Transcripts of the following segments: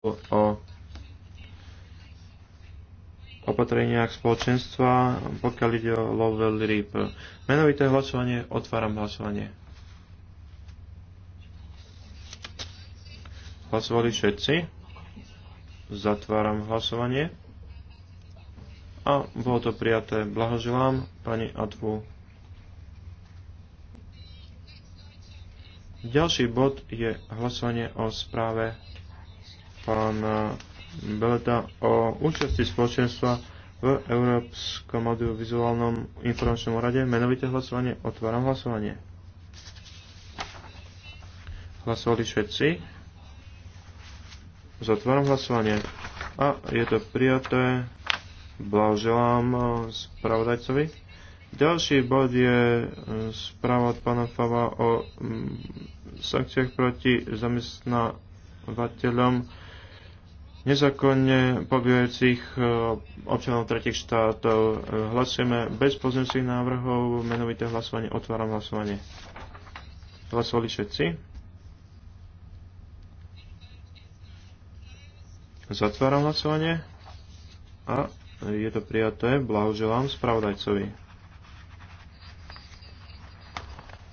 o opatreniach spoločenstva, pokiaľ ide o Lovell Reap. Menovité hlasovanie, otváram hlasovanie. Hlasovali všetci. Zatváram hlasovanie. A bolo to prijaté. Blahoželám pani Atvu. Ďalší bod je hlasovanie o správe pána Beleta o účasti spoločenstva v Európskom audiovizuálnom informačnom rade. Menovite hlasovanie. Otváram hlasovanie. Hlasovali všetci. Zatváram hlasovanie. A je to prijaté. Blahoželám spravodajcovi. Ďalší bod je eh, správa od pána Fava o mm, sankciách proti zamestnávateľom nezákonne pobývajúcich e, občanov tretich štátov. E, hlasujeme bez pozemských návrhov, menovité hlasovanie, otváram hlasovanie. Hlasovali všetci? Zatváram hlasovanie a je to prijaté. Blahoželám spravodajcovi.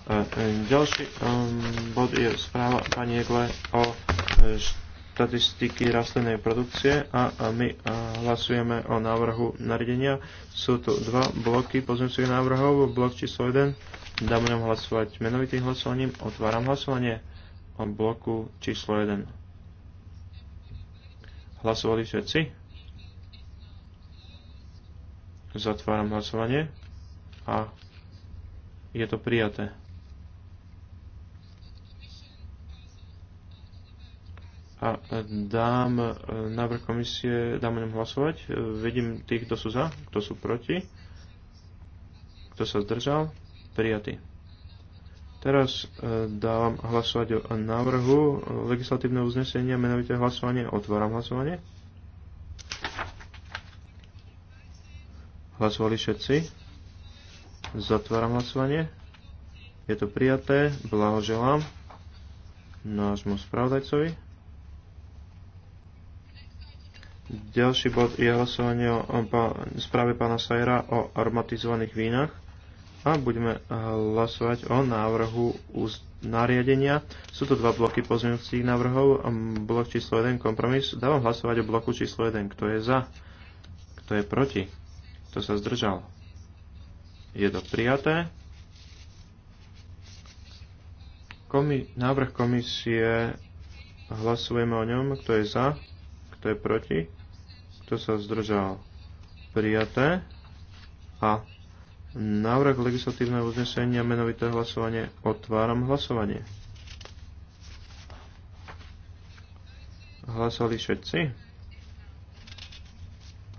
E, ďalší bod je správa pani Jegle o štatistiky rastlinnej produkcie a my hlasujeme o návrhu nariadenia. Sú tu dva bloky pozemcových návrhov. Blok číslo 1 Dám ňom hlasovať menovitým hlasovaním. Otváram hlasovanie o bloku číslo 1. Hlasovali všetci? Zatváram hlasovanie a je to prijaté. a dám e, návrh komisie, dám o ňom hlasovať. E, vidím tých, kto sú za, kto sú proti, kto sa zdržal, prijatý. Teraz e, dávam hlasovať o návrhu legislatívneho uznesenia, menovite hlasovanie, otváram hlasovanie. Hlasovali všetci. Zatváram hlasovanie. Je to prijaté. Blahoželám nášmu spravodajcovi. Ďalší bod je hlasovanie o správe pána Sajera o aromatizovaných vínach a budeme hlasovať o návrhu nariadenia. Sú to dva bloky pozmeňujúcich návrhov. Blok číslo 1 kompromis. Dávam hlasovať o bloku číslo 1. Kto je za? Kto je proti? Kto sa zdržal? Je to prijaté. Komi- návrh komisie hlasujeme o ňom. Kto je za? Kto je proti? Kto sa zdržal? Prijaté. A návrh legislatívneho uznesenia menovité hlasovanie. Otváram hlasovanie. Hlasovali všetci?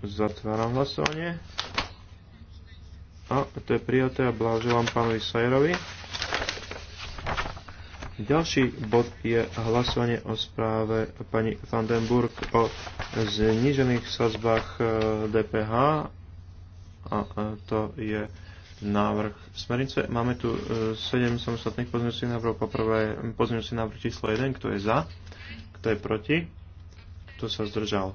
Zatváram hlasovanie. A to je prijaté a blahoželám pánovi Sajerovi ďalší bod je hlasovanie o správe pani Vandenburg o znižených sazbách e, DPH a e, to je návrh smernice. Máme tu 7 e, samostatných pozmeňujúcich návrhov. Poprvé pozmeňujúci návrh číslo 1, kto je za, kto je proti, kto sa zdržal.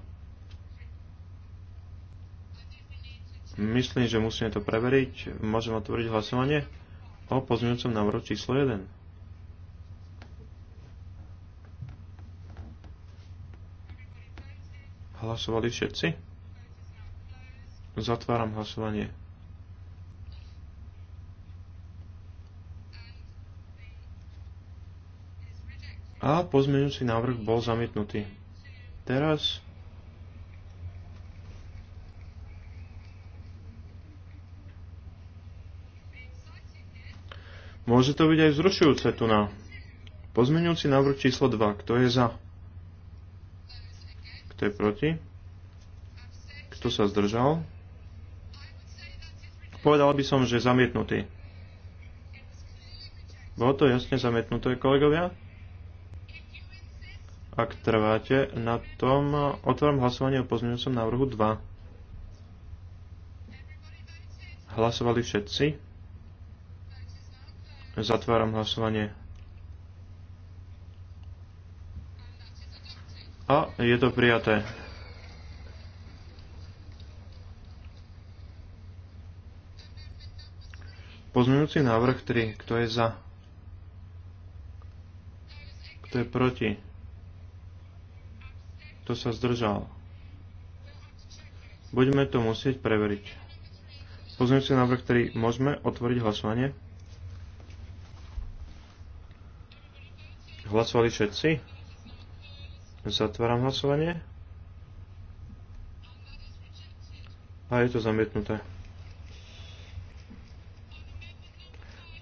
Myslím, že musíme to preveriť. Môžem otvoriť hlasovanie o pozmeňujúcom návrhu číslo 1. Hlasovali všetci? Zatváram hlasovanie. A pozmeňujúci návrh bol zamietnutý. Teraz Môže to byť aj vzrušujúce tu na pozmeňujúci návrh číslo 2. Kto je za? Kto je proti? Kto sa zdržal? Povedal by som, že zamietnutý. Bolo to jasne zamietnuté, kolegovia? Ak trváte na tom, otváram hlasovanie o pozmeňujúcom návrhu 2. Hlasovali všetci? Zatváram hlasovanie. A je to prijaté. Pozmeňujúci návrh 3. Kto je za? Kto je proti? Kto sa zdržal? Budeme to musieť preveriť. Pozmeňujúci návrh 3. Môžeme otvoriť hlasovanie? Hlasovali všetci? Zatváram hlasovanie. A je to zamietnuté.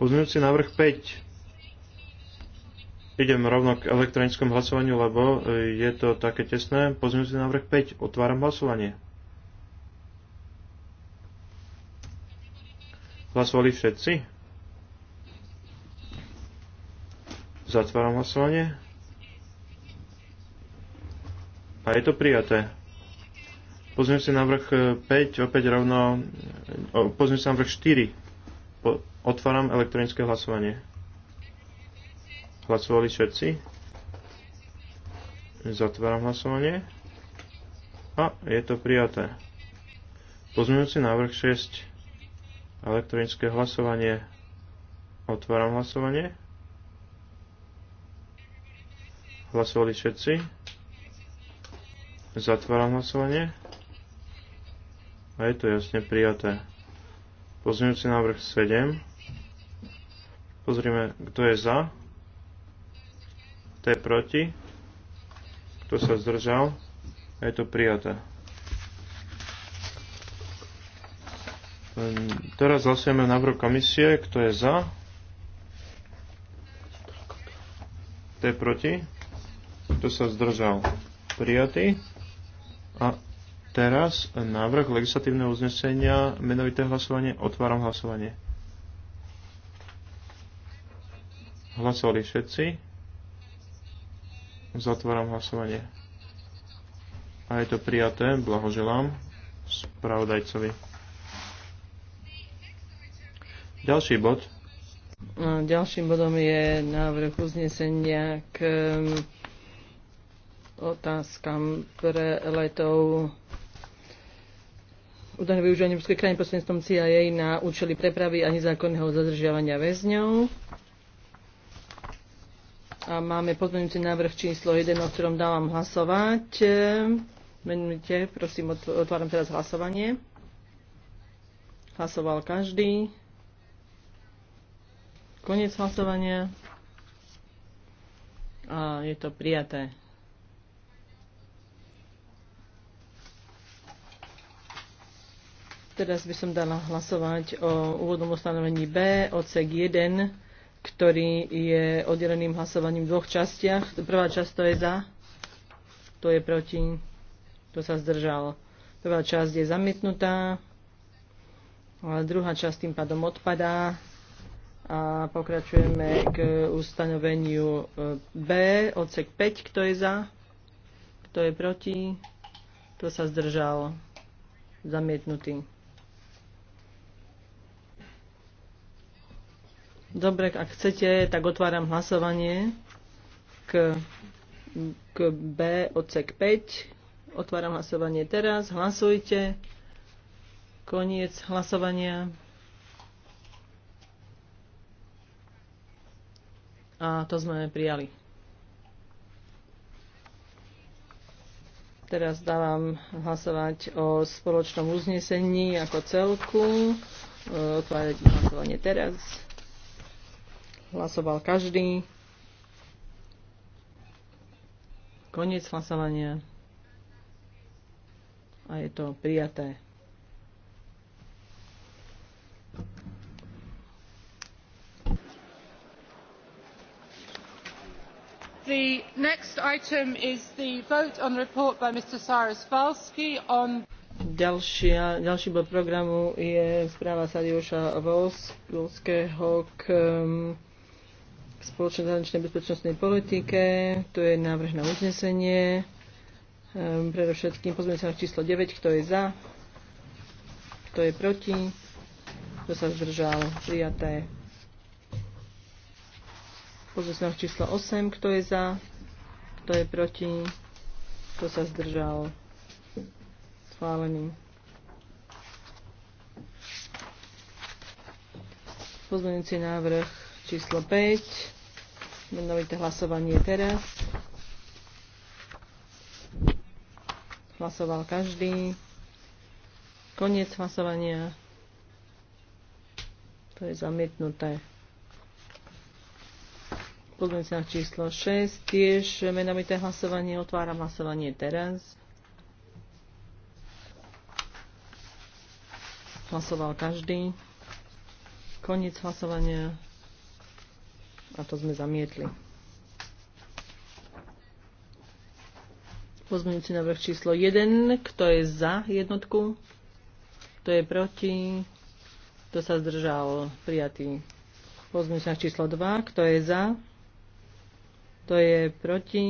Pozmeňujúci návrh 5. Idem rovno k elektronickom hlasovaniu, lebo e, je to také tesné. Pozmeňujúci návrh 5. Otváram hlasovanie. Hlasovali všetci? Zatváram hlasovanie. A je to prijaté. Pozrieme si vrch 5, e, opäť rovno, e, pozrieme si vrch 4. Po, otváram elektronické hlasovanie. Hlasovali všetci? Zatváram hlasovanie. A je to prijaté. si návrh 6. Elektronické hlasovanie. Otváram hlasovanie. Hlasovali všetci? Zatváram hlasovanie. A je to jasne prijaté. Pozmeňujúci návrh 7. Pozrime, kto je za. Kto je proti. Kto sa zdržal. A je to prijaté. Hm, teraz hlasujeme návrh komisie. Kto je za? Kto je proti? Kto sa zdržal? Prijatý. A teraz návrh legislatívneho uznesenia, menovité hlasovanie, otváram hlasovanie. Hlasovali všetci. Zatváram hlasovanie. A je to prijaté. Blahoželám spravodajcovi. Ďalší bod. No, ďalším bodom je návrh uznesenia k otázkam pre letov údajné využívanie ruskej krajiny prostredníctvom CIA na účely prepravy a nezákonného zadržiavania väzňov. A máme pozmeňujúci návrh číslo 1, o ktorom dávam hlasovať. Menujte, prosím, otváram teraz hlasovanie. Hlasoval každý. Konec hlasovania. A je to prijaté. Teraz by som dala hlasovať o úvodnom ustanovení B, odsek 1, ktorý je oddeleným hlasovaním v dvoch častiach. Prvá časť to je za, to je proti, to sa zdržal. Prvá časť je zamietnutá, a druhá časť tým pádom odpadá a pokračujeme k ustanoveniu e, B, odsek 5, kto je za, kto je proti, kto sa zdržal, zamietnutý. Dobre, ak chcete, tak otváram hlasovanie k, k B odsek 5. Otváram hlasovanie teraz. Hlasujte. Koniec hlasovania. A to sme prijali. Teraz dávam hlasovať o spoločnom uznesení ako celku. Otvárať hlasovanie teraz. Hlasoval každý. Koniec hlasovania. A je to prijaté. the next item is the vote on report by mr Cyrus wolski on Ďalšia, ďalší bod programu je správa Sadioša Volského k spoločnej zahraničnej bezpečnostnej politike. Tu je návrh na uznesenie. Ehm, predovšetkým pozmeňujem sa na číslo 9, kto je za, kto je proti, kto sa zdržal, prijaté. Pozmeňujem sa na číslo 8, kto je za, kto je proti, kto sa zdržal, schválený. Pozmeňujúci návrh číslo 5. Menovité hlasovanie teraz. Hlasoval každý. Koniec hlasovania. To je zamietnuté. Pozmeňte na číslo 6. Tiež menovité hlasovanie. Otváram hlasovanie teraz. Hlasoval každý. Koniec hlasovania a to sme zamietli. Pozmeňujúci návrh číslo 1. Kto je za jednotku? Kto je proti? Kto sa zdržal? Prijatý. Pozmeňujúci návrh číslo 2. Kto je za? Kto je proti?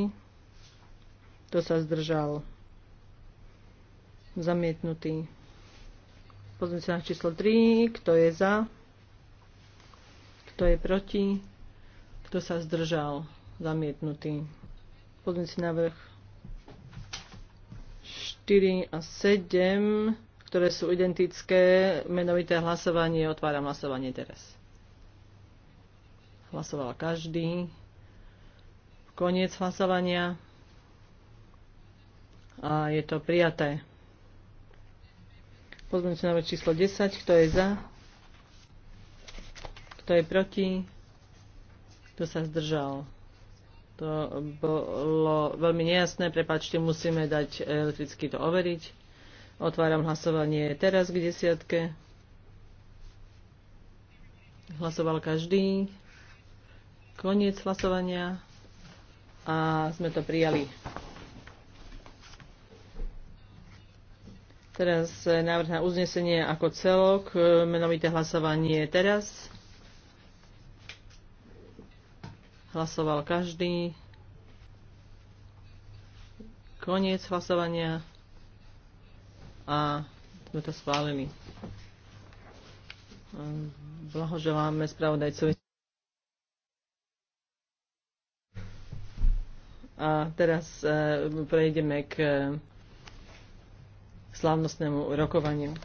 Kto sa zdržal? Zamietnutý. Pozmeňujúci návrh číslo 3. Kto je za? Kto je proti? Kto sa zdržal? Zamietnutý. si návrh 4 a 7, ktoré sú identické. Menovité hlasovanie. Otváram hlasovanie teraz. Hlasoval každý. Koniec hlasovania. A je to prijaté. si návrh číslo 10. Kto je za? Kto je proti? Kto sa zdržal? To bolo veľmi nejasné. Prepačte, musíme dať elektricky to overiť. Otváram hlasovanie teraz k desiatke. Hlasoval každý. Koniec hlasovania. A sme to prijali. Teraz návrh na uznesenie ako celok. Menovité hlasovanie teraz. Hlasoval každý. Koniec hlasovania. A sme to schválili. Blahoželáme spravodajcovi. A teraz e, prejdeme k e, slávnostnému rokovaniu.